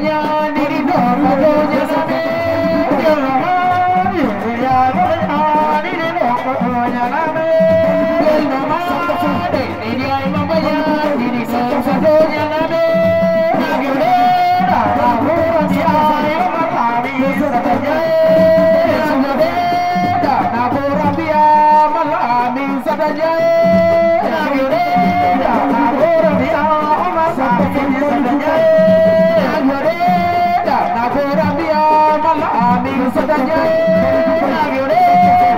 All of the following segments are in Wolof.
España. Amigos, hasta allá, avioneta.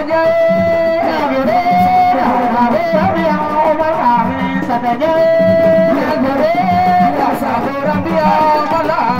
Satya, Satya, Satya, Satya,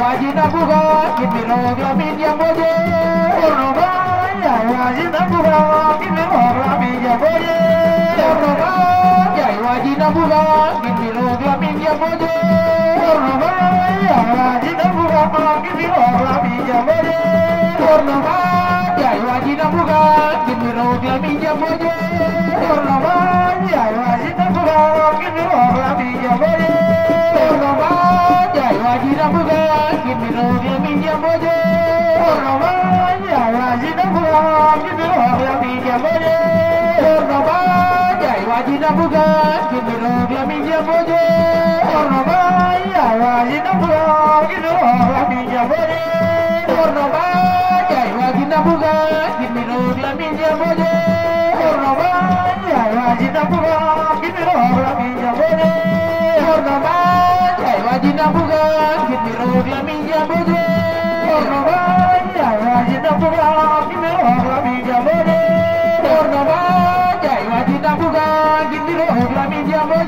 wajina buga kimirogla minja ya wajina buga kimirogla minja moje Uruba ya wajina buga kimirogla minja ya wajina buga kimirogla minja moje Uruba ya wajina ya wajina jinabuga kibiro bya minja moje oroba ya wa jinabuga kibiro bya minja moje oroba ya wa jinabuga kibiro bya minja moje oroba ya wa jinabuga kibiro bya minja moje oroba Awajina buga kiti rogla minja bode Ornoban Awajina buga kiti rogla minja bode Ornoban Awajina buga kiti rogla minja bode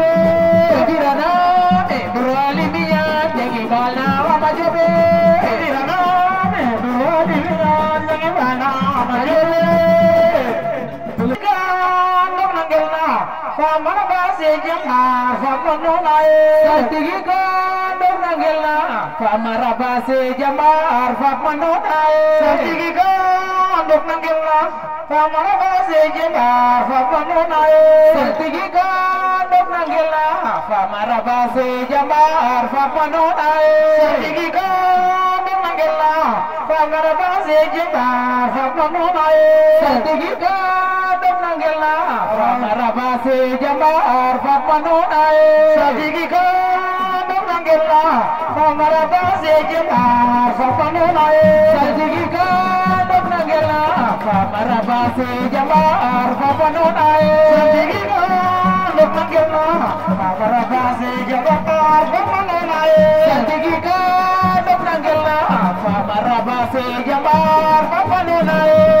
sigi a fakono na ye. Sastigi ka dɔrɔngɛ la. Famara base jama arfa mano na ye. Sastigi ka dɔrɔngɛ la. Famara base jama arfa mano na ye. Sastigi ka dɔrɔngɛ la. Famara base jama arfa mano na ye. Sastigi ka dɔrɔngɛ la. Famara base jama arfa mano na ye. Sastigi ka dɔrɔngɛ la. rabasi jambar fatmanunai sadiki ka nangilla rabasi jambar fatmanunai sadiki ka nangilla rabasi jambar fatmanunai sadiki ka nangilla rabasi jambar fatmanunai sadiki ka nangilla rabasi jambar fatmanunai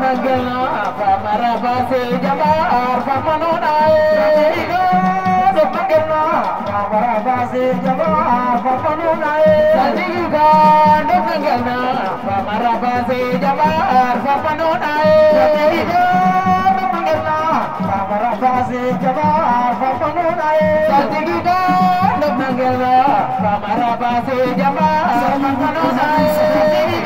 magana fa maraba se jama'ar fa manona e da magana fa maraba se jama'ar fa manona e sadiga da magana fa maraba se jama'ar fa manona e sadiga da magana fa maraba se jama'ar fa manona e sadiga da magana fa maraba se jama'ar fa manona e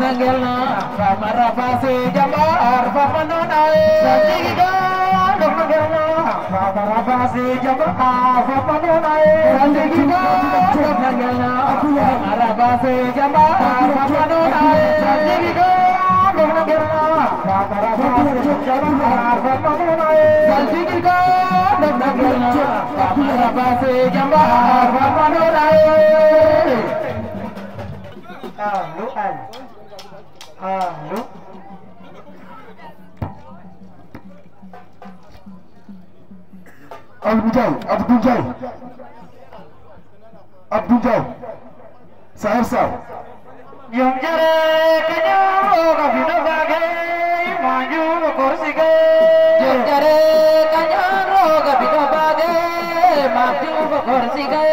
bengel na famara fasi jambar famano nae sajigi ga bengel na famara fasi jambar famano nae sajigi ga bengel na famara fasi jambar famano nae sajigi ga bengel na famara fasi jambar famano nae sajigi ga bengel na famara fasi jambar famano nae Ah, Luan. Allo? Abdou Diaw Abdou Diaw Abdou Diaw Sahar Saw ñoom jare ka ñoo ka fi na faage ma ñoo ko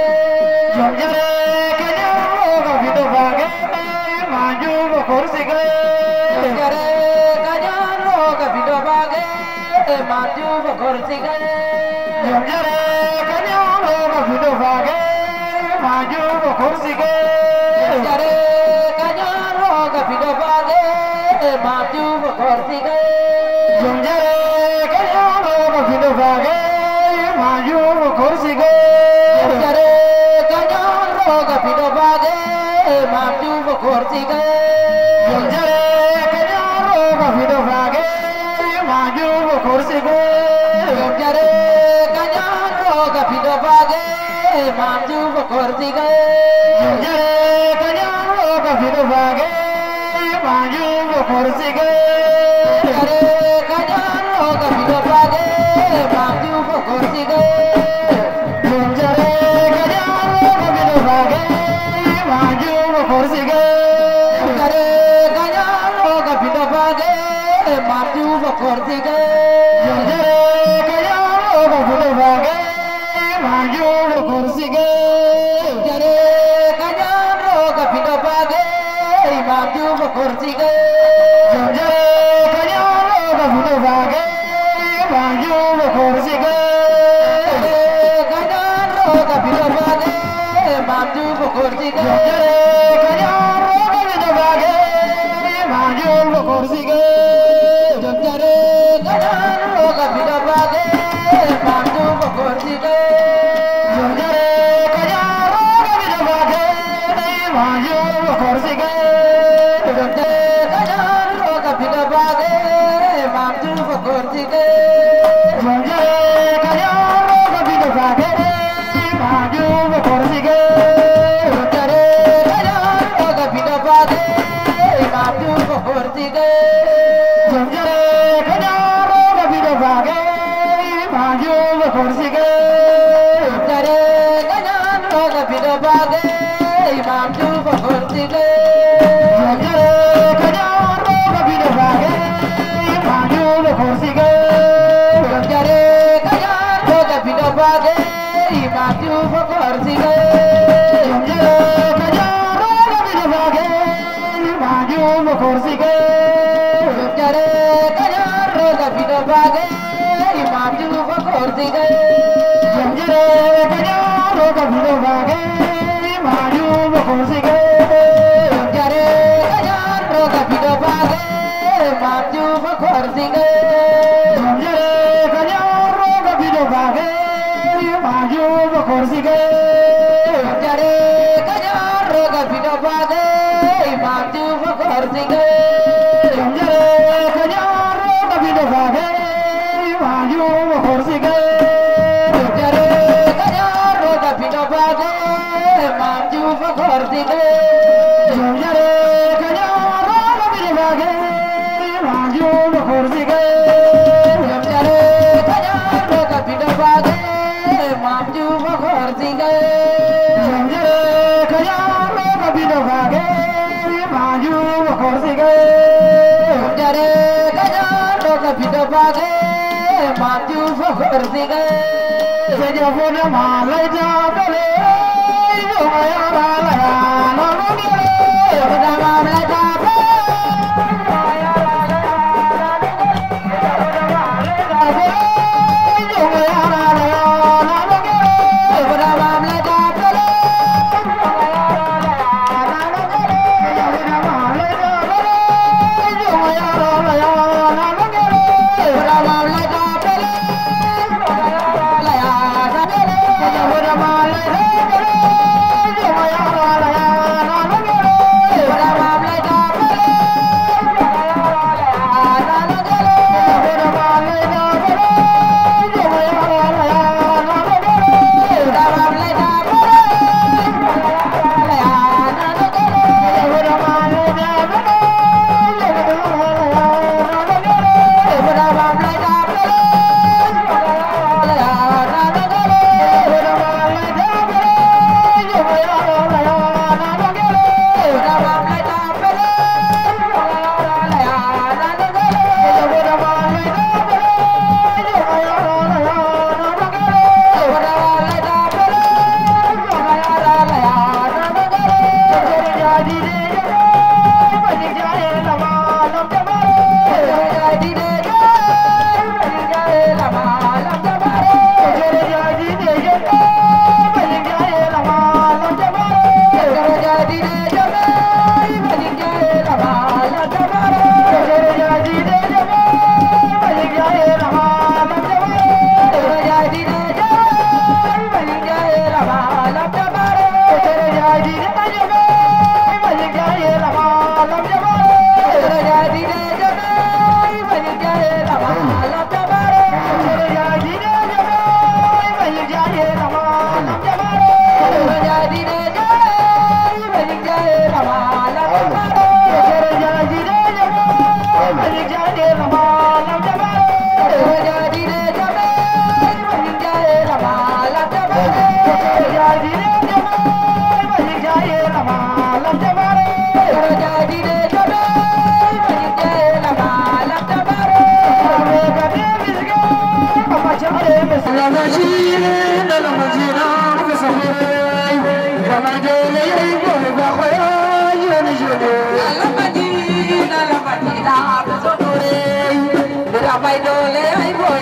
Sejafuna malai jabale, jumaya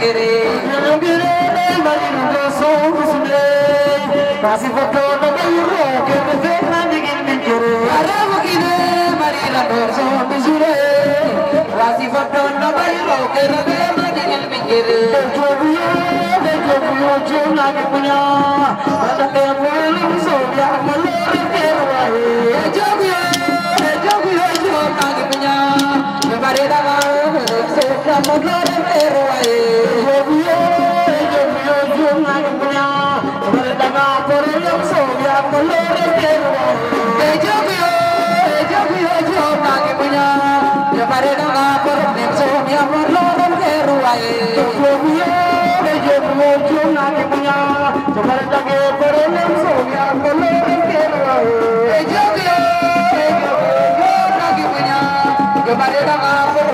kere na bire ma ni do so usne kasi foto na bayro ke te fe na digin min kere ara mo kire mari la do so usne kasi foto na bayro ke te fe na digin min kere to biye de to biye jo na ke punya ada ke mo lu so ya mo lu ke wa e jo biye jo biye jo na ke punya me pare da Marina Marco.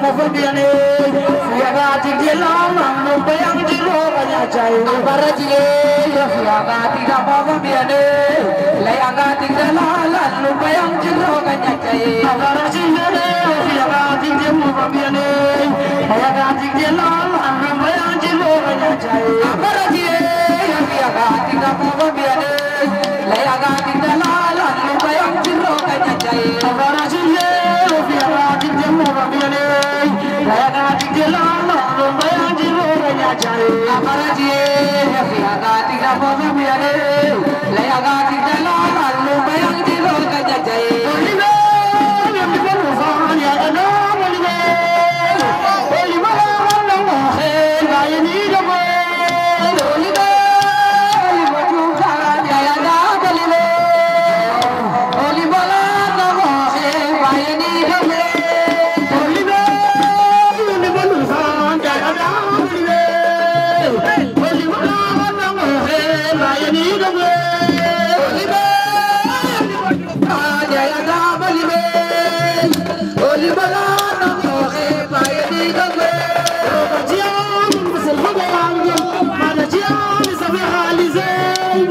kufudiyane yagati dilo manu bayang dilo kanya chayo barajye yagati da kufudiyane layagati dilo lanu bayang dilo kanya chayo barajye yagati dilo kufudiyane yagati dilo manu bayang dilo kanya chayo barajye yagati da kufudiyane layagati dilo Aparatie, ya fiaga, tigra, fozo, mirare, le haga, tigra,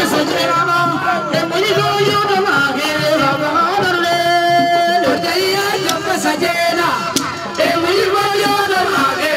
Hey, will you roll your